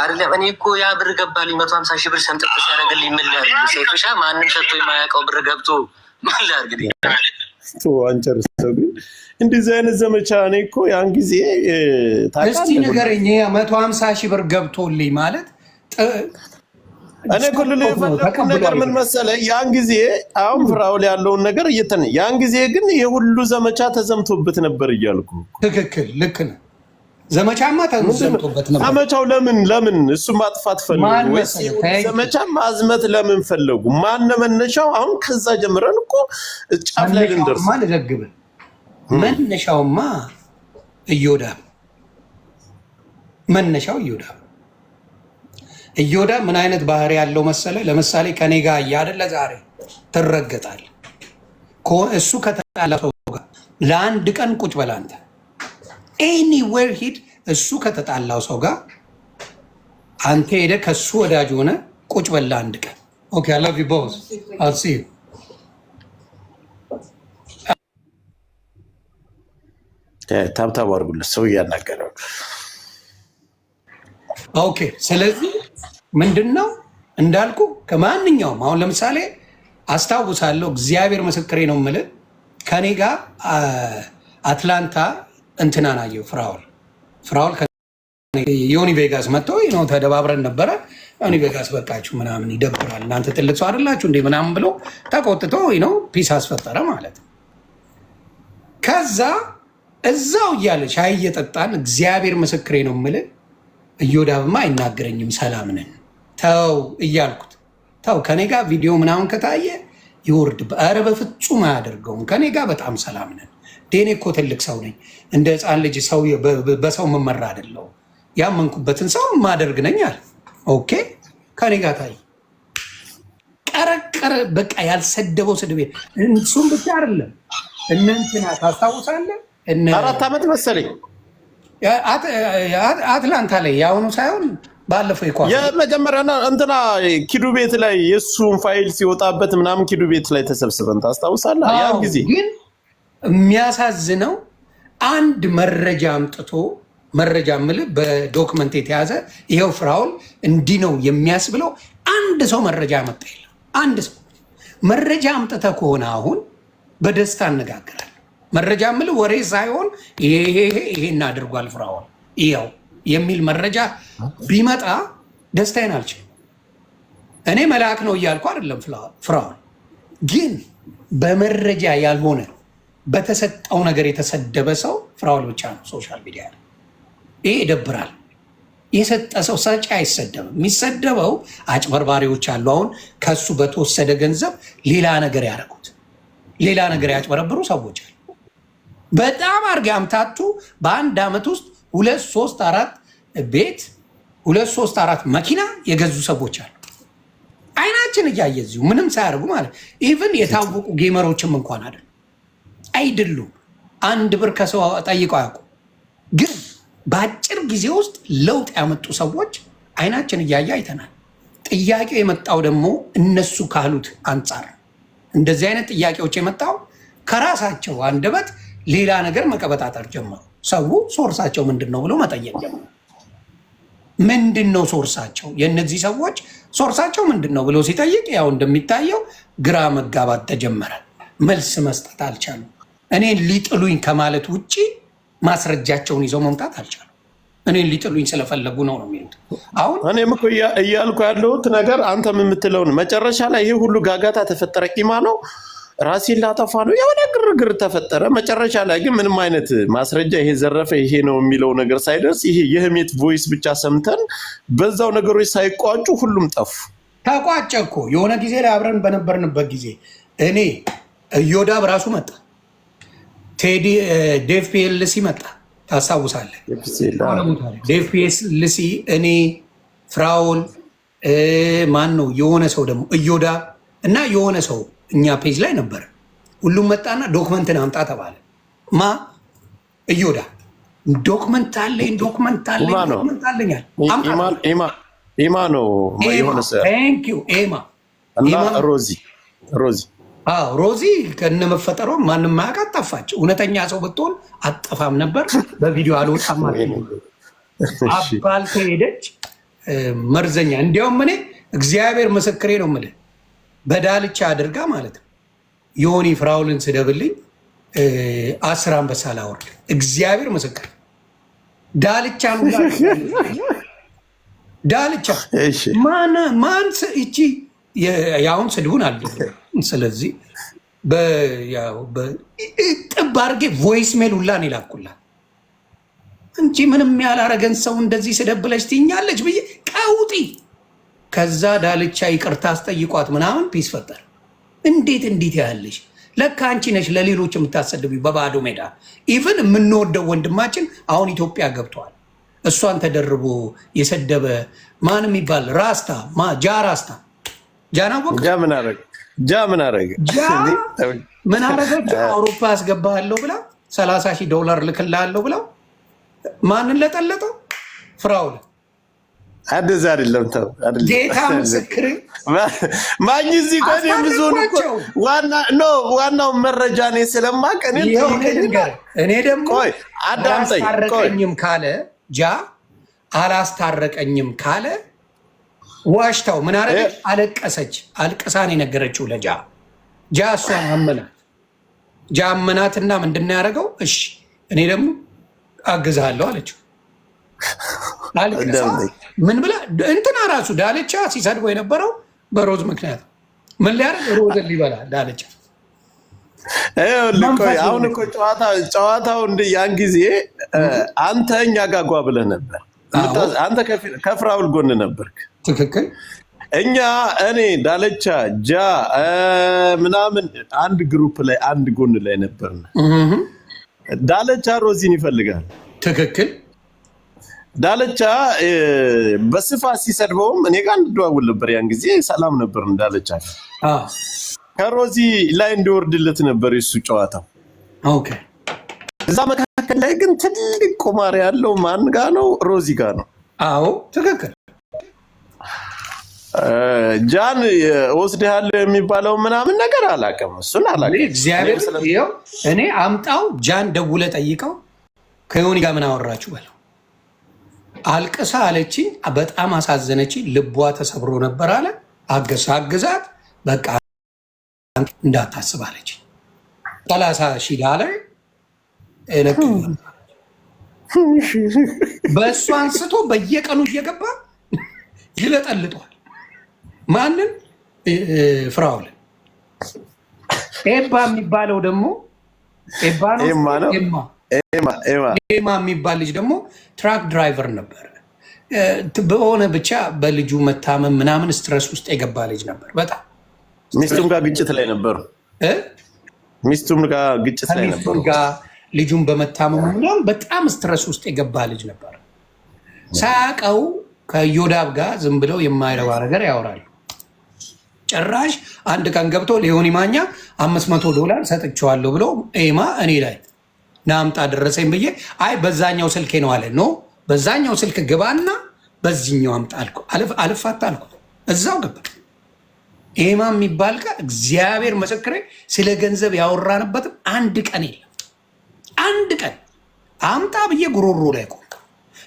አይደለም እኔ እኮ ያ ብር ገባልኝ መቶ ሀምሳ ሺህ ብር ሰምጥ ሲያደርግልኝ ምን ላድርግ? ሴቶሻ ማንም ሰጥቶ የማያውቀው ብር ገብቶ ምን ላድርግ? እንደዚህ አይነት ዘመቻ እኔ እኮ ያን ጊዜ እስቲ ንገረኝ፣ መቶ ሀምሳ ሺህ ብር ገብቶልኝ ማለት እኔ ኩልል የፈለኩት ነገር ምን መሰለ፣ ያን ጊዜ አሁን ፍራውል ያለውን ነገር እየተነ ያን ጊዜ ግን የሁሉ ዘመቻ ተዘምቶበት ነበር እያልኩ ትክክል፣ ልክ ነህ። ዘመቻማ ተዘምቶበት ነበር። ዘመቻው ለምን ለምን እሱ ማጥፋት ፈለጉ ወይስ ዘመቻ ማዝመት ለምን ፈለጉ? ማነ መነሻው? አሁን ከዛ ጀምረን እኮ ጫፍ ላይ ልንደርስ ልዘግብህ። መነሻውማ እዮዳብ መነሻው እዮዳብ እዮዳ ምን አይነት ባህሪ ያለው መሰለ? ለምሳሌ ከኔ ጋር እያደለ ዛሬ ትረገጣል። እሱ ከተጣላ ጋር ለአንድ ቀን ቁጭ በል አንተ ኤኒዌር ሂድ። እሱ ከተጣላው ሰው ጋር አንተ ሄደ ከሱ ወዳጅ ሆነ ቁጭ በል አንድ ቀን። ኦኬ አይ ላቭ ዩ ቦዝ አል ሲ ዩ ታብታብ አድርጉለት ሰው እያናገረው ኦኬ። ስለዚህ ምንድን ነው እንዳልኩ ከማንኛውም አሁን ለምሳሌ አስታውሳለሁ፣ እግዚአብሔር ምስክሬ ነው የምልህ ከኔ ጋር አትላንታ እንትናን አየሁ ፍራውል ፍራውል ዮኒ ቬጋስ መጥቶ ነው ተደባብረን ነበረ። ዮኒ ቬጋስ በቃችሁ ምናምን ይደብራል፣ እናንተ ትልቅ ሰው አይደላችሁ እንዴ ምናምን ብሎ ተቆጥቶ ነው ፒስ አስፈጠረ ማለት ከዛ እዛው እያለች ሻይ እየጠጣን እግዚአብሔር ምስክሬ ነው የምልህ እዮዳብማ አይናገረኝም ሰላም ነን ተው እያልኩት ተው ከኔ ጋር ቪዲዮ ምናምን ከታየ ይወርድ። ኧረ በፍጹም አያደርገውም። ከኔ ጋር በጣም ሰላም ነን። ዴኔ እኮ ትልቅ ሰው ነኝ። እንደ ህፃን ልጅ ሰው በሰው መመራ አይደለሁም። ያመንኩበትን ሰው ማደርግ ነኝ አለ። ኦኬ ከኔ ጋር ታይ ቀረቀረ። በቃ ያልሰደበው ስድቤ እሱም ብቻ አይደለም እነ እንትና ታስታውሳለህ? አራት ዓመት መሰለኝ አትላንታ ላይ የአሁኑ ሳይሆን ባለፈው ይኳ የመጀመሪያና እንትና ኪዱ ቤት ላይ የእሱን ፋይል ሲወጣበት ምናምን ኪዱ ቤት ላይ ተሰብስበን ታስታውሳለህ? ያን ጊዜ ግን የሚያሳዝነው አንድ መረጃ አምጥቶ መረጃ ምል በዶክመንት የተያዘ ይኸው ፍራውል እንዲህ ነው የሚያስብለው አንድ ሰው መረጃ አመጣ የለም። አንድ ሰው መረጃ አምጥተህ ከሆነ አሁን በደስታ አነጋግራል መረጃ የምልህ ወሬ ሳይሆን ይሄ ይሄን አድርጓል ፍራኦል ይኸው የሚል መረጃ ቢመጣ ደስታዬን አልችልም። እኔ መልአክ ነው እያልኩ አይደለም። ፍራኦል ግን በመረጃ ያልሆነ በተሰጠው ነገር የተሰደበ ሰው ፍራኦል ብቻ ነው ሶሻል ሚዲያ ላይ። ይሄ ይደብራል። የሰጠ ሰው ሰጪ አይሰደብም። የሚሰደበው አጭበርባሪዎች አሉ። አሁን ከሱ በተወሰደ ገንዘብ ሌላ ነገር ያደረጉት ሌላ ነገር ያጭበረብሩ ሰዎች አሉ። በጣም አድርጋ አምታቱ። በአንድ ዓመት ውስጥ ሁለት ሶስት አራት ቤት ሁለት ሶስት አራት መኪና የገዙ ሰዎች አሉ። አይናችን እያየ እዚሁ ምንም ሳያደርጉ ማለት ኢቭን የታወቁ ጌመሮችም እንኳን አይደል አይደሉም። አንድ ብር ከሰው ጠይቀው አያውቁ። ግን በአጭር ጊዜ ውስጥ ለውጥ ያመጡ ሰዎች አይናችን እያየ አይተናል። ጥያቄው የመጣው ደግሞ እነሱ ካሉት አንጻር እንደዚህ አይነት ጥያቄዎች የመጣው ከራሳቸው አንደበት ሌላ ነገር መቀበጣጠር ጀመሩ። ሰው ሶርሳቸው ምንድን ነው ብሎ መጠየቅ ጀመሩ። ምንድን ነው ሶርሳቸው የእነዚህ ሰዎች ሶርሳቸው ምንድን ነው ብሎ ሲጠይቅ ያው እንደሚታየው ግራ መጋባት ተጀመረ። መልስ መስጠት አልቻሉ። እኔን ሊጥሉኝ ከማለት ውጭ ማስረጃቸውን ይዘው መምጣት አልቻሉ። እኔን ሊጥሉኝ ስለፈለጉ ነው ነው የሚሉት። አሁን እኔም እኮ እያልኩ ያለሁት ነገር አንተም የምትለውን መጨረሻ ላይ ይህ ሁሉ ጋጋታ ተፈጠረ ቂማ ነው ራሴን ላጠፋ ነው። የሆነ ግርግር ተፈጠረ። መጨረሻ ላይ ግን ምንም አይነት ማስረጃ ይሄ ዘረፈ ይሄ ነው የሚለው ነገር ሳይደርስ ይሄ የህሜት ቮይስ ብቻ ሰምተን በዛው ነገሮች ሳይቋጩ ሁሉም ጠፉ። ተቋጨ እኮ የሆነ ጊዜ ላይ አብረን በነበርንበት ጊዜ እኔ እዮዳብ ራሱ መጣ፣ ቴዲ ዴቭ ፒኤልሲ መጣ። ታስታውሳለህ? ዴቭ ፒኤልሲ፣ እኔ ፍራውን፣ ማን ነው የሆነ ሰው ደግሞ እዮዳብ እና የሆነ ሰው እኛ ፔጅ ላይ ነበረ። ሁሉም መጣና ዶክመንትን አምጣ ተባለ። ማ እዮዳ ዶክመንት አለኝ ዶክመንት አለኝ ኢማ ነው ኢማ እና ሮዚ ሮዚ ሮዚ ከነመፈጠሯ ማንም ማያውቃት ጠፋች። እውነተኛ ሰው ብትሆን አጠፋም ነበር። በቪዲዮ አልወጣም አባልተ ሄደች መርዘኛ። እንዲያውም እኔ እግዚአብሔር ምስክሬ ነው የምልህ በዳልቻ አድርጋ ማለት ነው የሆኒ ፍራውልን ስደብልኝ አስር አንበሳ ላወርድ እግዚአብሔር ምስክር ዳልቻ ዳልቻ ማን እቺ የአሁን ስድቡን አለ። ስለዚህ ጥብ አድርጌ ቮይስ ሜል ሁላን ይላኩላል እንጂ ምንም ያላረገን ሰው እንደዚህ ስደብለች ትኛለች ብዬ ቀውጢ ከዛ ዳልቻ ይቅርታ አስጠይቋት ምናምን ፒስ ፈጠር። እንዴት እንዴት ያህልሽ ለካ አንቺ ነሽ ለሌሎች የምታሰድቢ በባዶ ሜዳ። ኢቨን የምንወደው ወንድማችን አሁን ኢትዮጵያ ገብተዋል። እሷን ተደርቦ የሰደበ ማን የሚባል ራስታ ጃ ራስታ ጃና ምን አረገ ጃ ምን አረገ ምን አውሮፓ ያስገባሃለሁ ብላ ሰላሳ ሺህ ዶላር ልክላለሁ ብላ ማንን ለጠለጠው ፍራውል እንደዛ አይደለም። ተው ጌታ ምስክር ማኝ እዚህ ቆን የምዞን ዋና ኖ ዋናው መረጃ ነ ስለማቅ እኔ ደግሞ ቆይ ካለ ጃ አላስታረቀኝም ካለ ዋሽታው ምን አረገች? አለቀሰች። አልቅሳን የነገረችው ለጃ ጃ እሷን አመናት። ጃ አመናትና ምንድን ነው ያደረገው? እሺ እኔ ደግሞ አግዝሃለሁ አለችው። ምን ብላ እንትና ራሱ ዳልቻ ሲሰድቦ የነበረው በሮዝ ምክንያት ምን ሊያደርግ ሮዝ ሊበላ ዳልቻ። አሁን እኮ ጨዋታው እንደ ያን ጊዜ አንተ እኛ ጋር ጓ ብለህ ነበር። አንተ ከፍራውል ጎን ነበርክ። ትክክል። እኛ እኔ ዳለቻ ጃ ምናምን አንድ ግሩፕ ላይ አንድ ጎን ላይ ነበርን። ዳለቻ ሮዚን ይፈልጋል። ትክክል ዳለቻ በስፋት ሲሰድበውም እኔ ጋር እንደዋውል ነበር። ያን ጊዜ ሰላም ነበር እንዳለቻ ከሮዚ ላይ እንዲወርድለት ነበር የሱ ጨዋታው። እዛ መካከል ላይ ግን ትልቅ ቁማር ያለው ማን ጋ ነው? ሮዚ ጋ ነው። አዎ ትክክል። ጃን ወስድሃለሁ የሚባለው ምናምን ነገር አላውቅም፣ እሱን አላውቅም። እግዚአብሔር እኔ አምጣው ጃን ደውለ ጠይቀው ከዮኒ ጋር ምን አወራችሁ በለው አልቅሳ አለችኝ። በጣም አሳዘነችኝ። ልቧ ተሰብሮ ነበር አለ። አገሳ አግዛት በቃ እንዳታስብ አለችኝ። ሰላሳ ሺህ ዳለር በእሱ አንስቶ በየቀኑ እየገባ ይለጠልጧል። ማንን ፍራውልን ኤባ የሚባለው ደግሞ ኤባ ነው። ኤማ የሚባል ልጅ ደግሞ ትራክ ድራይቨር ነበር። በሆነ ብቻ በልጁ መታመም ምናምን ስትረስ ውስጥ የገባ ልጅ ነበር። በጣም ሚስቱም ጋር ግጭት ላይ ነበሩ። ሚስቱም ጋር ግጭት ላይ ነበሩ። ልጁን በመታመሙ ምናምን በጣም ስትረስ ውስጥ የገባ ልጅ ነበር። ሳያውቀው ከዮዳብ ጋር ዝም ብለው የማይረባ ነገር ያወራሉ። ጭራሽ አንድ ቀን ገብቶ ሊሆን ማኛ አምስት መቶ ዶላር ሰጥቼዋለሁ ብሎ ኤማ እኔ ላይ ናምጣ ደረሰኝ ብዬ አይ በዛኛው ስልኬ ነው አለ። ኖ በዛኛው ስልክ ግባና በዚኛው አምጣ አልኩ። አልፋታ አልኩ። እዛው ገባ። ኤማ የሚባል ጋር እግዚአብሔር ምስክሬ፣ ስለ ገንዘብ ያወራንበትም አንድ ቀን የለም። አንድ ቀን አምጣ ብዬ ጉሮሮ ላይ ቆም።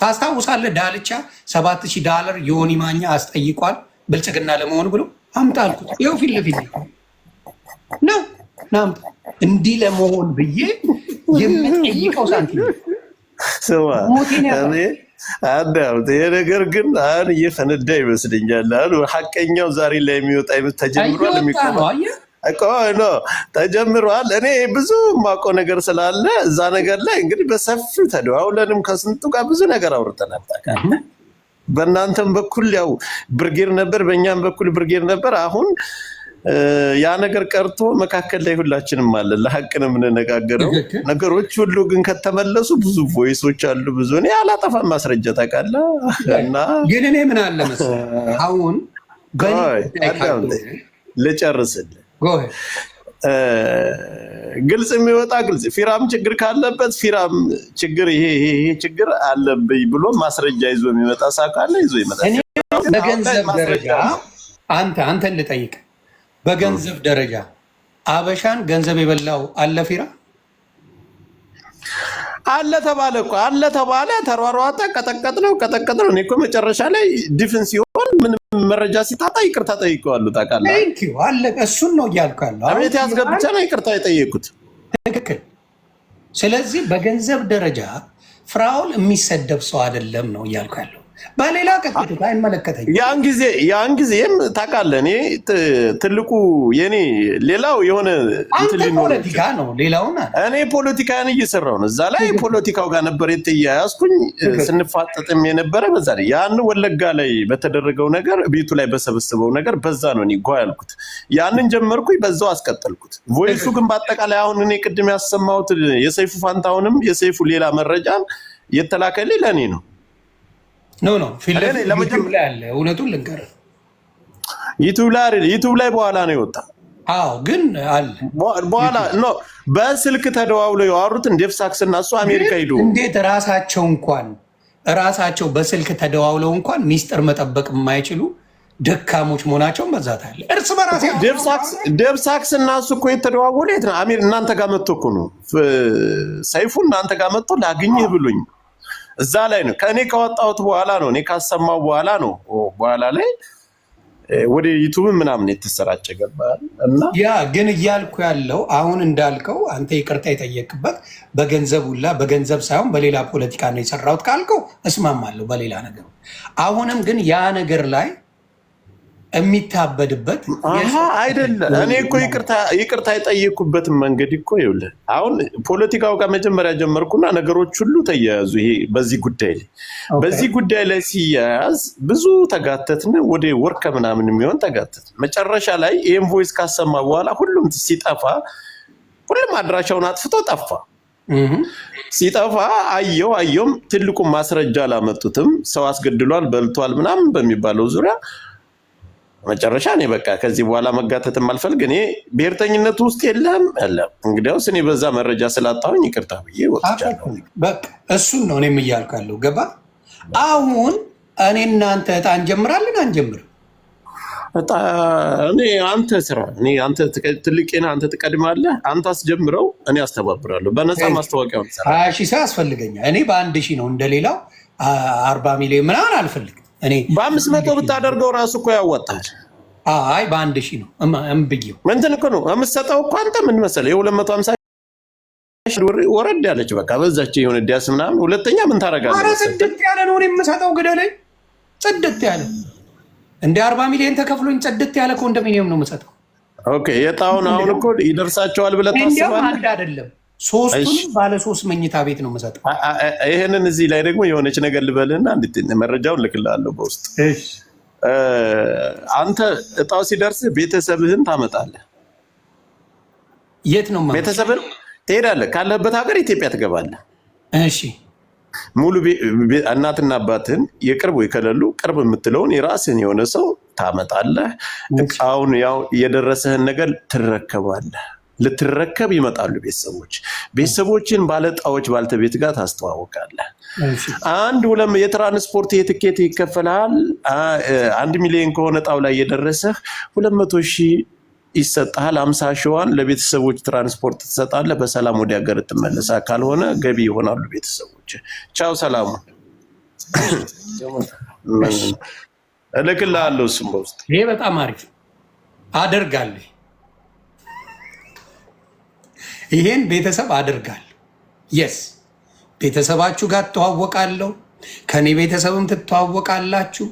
ታስታውሳለህ? ዳልቻ ሰባት ሺህ ዳላር ዮኒ ማኛ አስጠይቋል ብልጽግና ለመሆን ብሎ አምጣ አልኩት። ይኸው ፊት ለፊት ነው እንዲህ ለመሆን ብዬ የምጠይቀው ሳንቲም ስማ አዳምጥ ይሄ ነገር ግን አሁን እየፈነዳ ይመስልኛል። አሁን ሀቀኛው ዛሬ ላይ የሚወጣ ይመስ ተጀምሯል፣ ተጀምሯል። እኔ ብዙ ማቆ ነገር ስላለ እዛ ነገር ላይ እንግዲህ በሰፊው ተደዋውለንም ከስንቱ ጋር ብዙ ነገር አውርተናል። በእናንተም በኩል ያው ብርጌር ነበር፣ በእኛም በኩል ብርጌር ነበር አሁን ያ ነገር ቀርቶ መካከል ላይ ሁላችንም አለ ለሀቅ ነው የምንነጋገረው። ነገሮች ሁሉ ግን ከተመለሱ ብዙ ቮይሶች አሉ። ብዙ እኔ አላጠፋም ማስረጃ ታውቃለህ። እና ግን እኔ ምን አለ መሰለህ አሁን ልጨርስልህ ግልጽ የሚወጣ ግልጽ ፊራም ችግር ካለበት ፊራም ችግር ይሄ ይሄ ችግር አለብኝ ብሎ ማስረጃ ይዞ የሚመጣ ሳካለ ይዞ ይመጣል። በገንዘብ ደረጃ አንተ አንተን ልጠይቅ በገንዘብ ደረጃ አበሻን ገንዘብ የበላው አለ ፊራ አለ ተባለ እኮ አለ ተባለ፣ ተሯሯጠ፣ ቀጠቀጥ ነው ቀጠቀጥ ነው። እኔ እኮ መጨረሻ ላይ ድፍን ሲሆን ምንም መረጃ ሲታጣ ይቅርታ ጠይቀዋሉ ታውቃለህ፣ እሱን ነው እያልኩ ያለው። አቤት ያስገብቻ ነው ይቅርታ የጠየቁት ትክክል። ስለዚህ በገንዘብ ደረጃ ፍራውል የሚሰደብ ሰው አይደለም ነው እያልኩ ያለው። በሌላ ቀጥታ አይመለከተኝ። ያን ጊዜ ያን ጊዜም ታውቃለህ፣ እኔ ትልቁ የኔ ሌላው የሆነ ፖለቲካ ነው። ሌላውን እኔ ፖለቲካን እየሰራው ነው። እዛ ላይ ፖለቲካው ጋር ነበር የተያያዝኩኝ። ስንፋጠጥም የነበረ በዛ ላይ ያን ወለጋ ላይ በተደረገው ነገር ቤቱ ላይ በሰበሰበው ነገር በዛ ነው እኔ ጓ ያልኩት። ያንን ጀመርኩኝ፣ በዛው አስቀጠልኩት። ቮይሱ ግን በአጠቃላይ አሁን እኔ ቅድም ያሰማሁት የሰይፉ ፋንታሁንም የሰይፉ ሌላ መረጃን የተላከልኝ ለእኔ ነው ኖ ኖ ፊት ለፊት ላይ አለ። እውነቱን ልንገርህ ዩቱብ ላይ አይደል? ዩቱብ ላይ በኋላ ነው የወጣ። አዎ ግን አለ በኋላ ኖ በስልክ ተደዋውለው ያወሩት ዴፍ ሳክስ እና እሱ አሜሪካ ሄዱ። እንዴት ራሳቸው እንኳን ራሳቸው በስልክ ተደዋውለው እንኳን ሚስጥር መጠበቅ የማይችሉ ደካሞች መሆናቸውን በዛት አለ። እርስ በራሴ ደብሳክስ ሳክስ እና እሱ እኮ የተደዋወለ የት ነው? አሚር እናንተ ጋር መጥቶ እኮ ነው ሰይፉ እናንተ ጋር መጥቶ ላግኝህ ብሎኝ እዛ ላይ ነው ከእኔ ከወጣሁት በኋላ ነው እኔ ካሰማው በኋላ ነው በኋላ ላይ ወደ ዩቱብ ምናምን የተሰራጨ ገባል። እና ያ ግን እያልኩ ያለው አሁን እንዳልከው አንተ ይቅርታ የጠየቅበት በገንዘብ ሁላ በገንዘብ ሳይሆን በሌላ ፖለቲካ ነው የሰራሁት ካልከው እስማማለሁ፣ በሌላ ነገር አሁንም ግን ያ ነገር ላይ የሚታበድበት አይደለም። እኔ እኮ ይቅርታ የጠየኩበትን መንገድ እኮ ይኸውልህ፣ አሁን ፖለቲካው ጋር መጀመሪያ ጀመርኩና ነገሮች ሁሉ ተያያዙ። ይሄ በዚህ ጉዳይ ላይ በዚህ ጉዳይ ላይ ሲያያዝ ብዙ ተጋተትን፣ ወደ ወር ከምናምን የሚሆን ተጋተት። መጨረሻ ላይ ይህን ቮይስ ካሰማ በኋላ ሁሉም ሲጠፋ ሁሉም አድራሻውን አጥፍቶ ጠፋ። ሲጠፋ አየው አየውም፣ ትልቁን ማስረጃ አላመጡትም። ሰው አስገድሏል፣ በልቷል፣ ምናምን በሚባለው ዙሪያ መጨረሻ እኔ በቃ ከዚህ በኋላ መጋተትም አልፈልግ፣ እኔ ብሔርተኝነቱ ውስጥ የለም ያለ። እንግዲያውስ እኔ በዛ መረጃ ስላጣሁኝ ይቅርታ ብዬ ወጥቻለሁ። እሱን ነው እኔም እያልኩ ያለው ገባ። አሁን እኔ እናንተ እጣ እንጀምራለን አንጀምር? እኔ አንተ ስራ እኔ አንተ ትልቄን አንተ ትቀድማለህ። አንተ አስጀምረው፣ እኔ አስተባብራለሁ። በነፃ ማስታወቂያ ሀያ ሺህ ሰው ያስፈልገኛል። እኔ በአንድ ሺህ ነው እንደሌላው አርባ ሚሊዮን ምናምን አልፈልግ እኔ በአምስት መቶ ብታደርገው ራሱ እኮ ያወጣል። አይ በአንድ ሺህ ነው እምብዬው እንትን እኮ ነው የምትሰጠው እኮ አንተ ምን መሰለህ የሁለት መቶ ሀምሳ ወረድ ያለች በቃ በዛች የሆነ ዲያስ ምናምን። ሁለተኛ ምን ታደርጋለህ? ኧረ ጽድት ያለ ነው የምሰጠው። ግደለኝ። ጽድት ያለ እንደ አርባ ሚሊዮን ተከፍሎኝ ጽድት ያለ ኮንዶሚኒየም ነው የምሰጠው። ኦኬ የጣውን አሁን እኮ ይደርሳቸዋል ብለህ ታስባለህ? አይደለም ሶስቱንም ባለ ሶስት መኝታ ቤት ነው መሰጠው። ይህንን እዚህ ላይ ደግሞ የሆነች ነገር ልበልህና መረጃውን ልክልሃለሁ በውስጥ አንተ እጣው ሲደርስ ቤተሰብህን ታመጣለህ። የት ነው ቤተሰብህን? ትሄዳለህ ካለህበት ሀገር ኢትዮጵያ ትገባለህ። እሺ ሙሉ እናትና አባትህን የቅርብ ወይ ከሌሉ ቅርብ የምትለውን የራስህን የሆነ ሰው ታመጣለህ። እቃውን ያው የደረሰህን ነገር ትረከባለህ። ልትረከብ ይመጣሉ ቤተሰቦች። ቤተሰቦችን ባለጣዎች ባልተቤት ጋር ታስተዋወቃለህ። አንድ ሁለም የትራንስፖርት የትኬት ይከፈልሃል። አንድ ሚሊዮን ከሆነ ጣው ላይ የደረሰህ ሁለት መቶ ሺህ ይሰጣል። አምሳ ሸዋን ለቤተሰቦች ትራንስፖርት ትሰጣለ በሰላም ወደ ሀገር ትመለሳ። ካልሆነ ገቢ ይሆናሉ ቤተሰቦች። ቻው፣ ሰላሙ እልክልሃለሁ። እሱም በውስጥ ይሄ በጣም አሪፍ አደርጋለሁ። ይሄን ቤተሰብ አድርጋለሁ። የስ ቤተሰባችሁ ጋር እተዋወቃለሁ። ከእኔ ቤተሰብም ትተዋወቃላችሁ።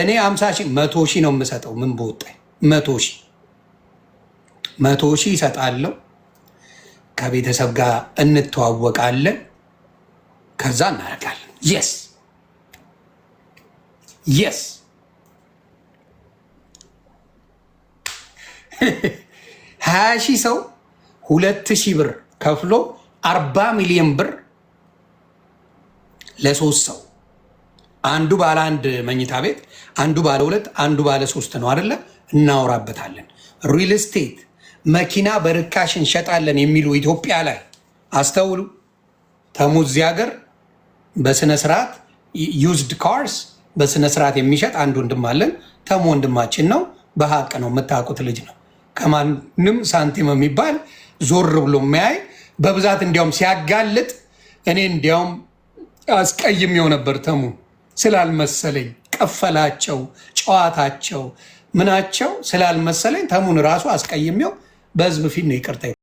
እኔ አምሳ ሺህ መቶ ሺህ ነው የምሰጠው። ምን በወጣኝ መቶ ሺህ መቶ ሺህ ይሰጣለሁ። ከቤተሰብ ጋር እንተዋወቃለን። ከዛ እናደርጋለን። የስ የስ ሀያ ሺህ ሰው ሁለት ሺህ ብር ከፍሎ አርባ ሚሊዮን ብር ለሶስት ሰው አንዱ ባለ አንድ መኝታ ቤት፣ አንዱ ባለ ሁለት፣ አንዱ ባለ ሶስት ነው አደለ? እናወራበታለን። ሪል ስቴት መኪና በርካሽ እንሸጣለን የሚሉ ኢትዮጵያ ላይ አስተውሉ። ተሙዚ ሀገር በስነ ስርዓት ዩዝድ ካርስ በስነ ስርዓት የሚሸጥ አንድ ወንድም አለን። ተሙ ወንድማችን ነው፣ በሀቅ ነው፣ የምታውቁት ልጅ ነው። ከማንም ሳንቲም የሚባል ዞር ብሎ የሚያይ በብዛት እንዲያውም ሲያጋልጥ እኔ እንዲያውም አስቀይሜው ነበር ተሙ ስላልመሰለኝ ቀፈላቸው ጨዋታቸው ምናቸው ስላልመሰለኝ ተሙን ራሱ አስቀይሜው በህዝብ ፊት ነው ይቅርታ